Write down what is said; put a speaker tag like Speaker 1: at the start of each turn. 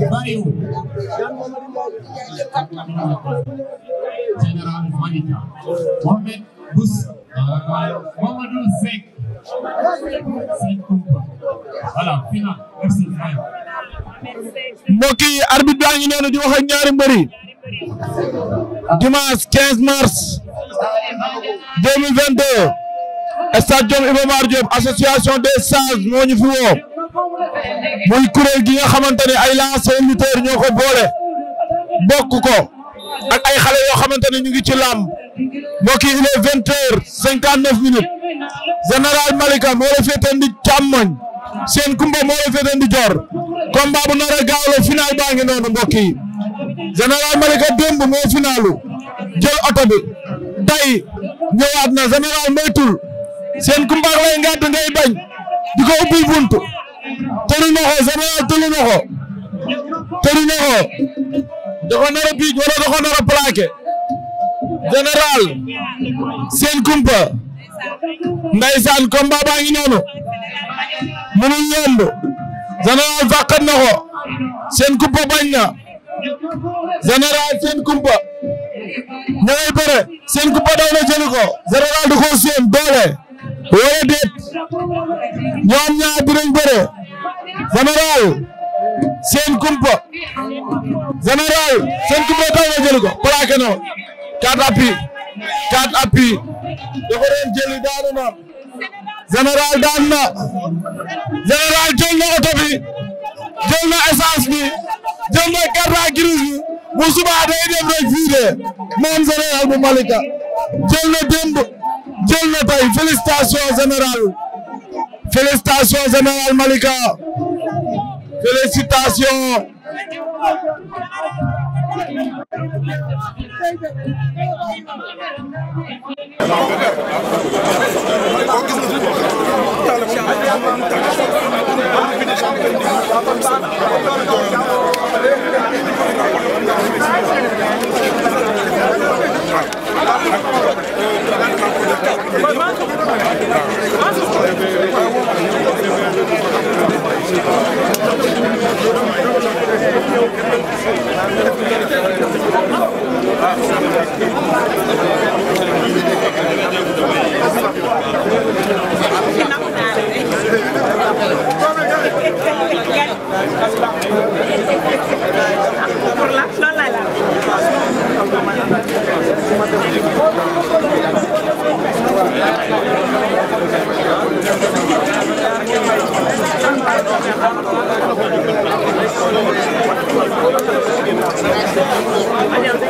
Speaker 1: bàyyiwul général Malika Mohamed Bous Mamadou Seck Seck Koupa voilà final merci mbokk yi arbitre baa ngi noonu di wax ñaari mbër yi dimanche 15 mars 2022 stade Mar Diop association des sages moo ñu fi woo muy kuréel gi nga xamante ne ay lancé lutteurs ñoo ko boole bokk ko ay xale yoo xamante ne ñu ngi ci làmb mbokk yi il est vingt heures cinquante neuf minutes général Malika moo la féetee di càmmoñ seen kumba moo la féetee joor combat bu nar a gaaw la noonu mbokk yi Malika démb moo finalu jël oto bi tay ñëwaat na général moytul seen kumba lay ngàdd ngay bañ di ko tëru na ko général tëru na ko tëru na wala da ko nar général seen kumpa ndaysaan combat baa ngi noonu mënul yomb général fàqat na seen kumpa bañ na général seen kumpa ña ngay seen kumpa daw na jëli général du seen doole wala déet ñoom ñaar dinañ bëre général seen kumpa général seen kumpa taw na jël ko plaqué na quatre appuis quatre appuis da ko doon jëli daanu na général na général jël na bi jël na essence bu subaa day dem rek fii de moom bu Malika jël na démb jël na tey félicitations général félicitations général Malika félicitations Hadi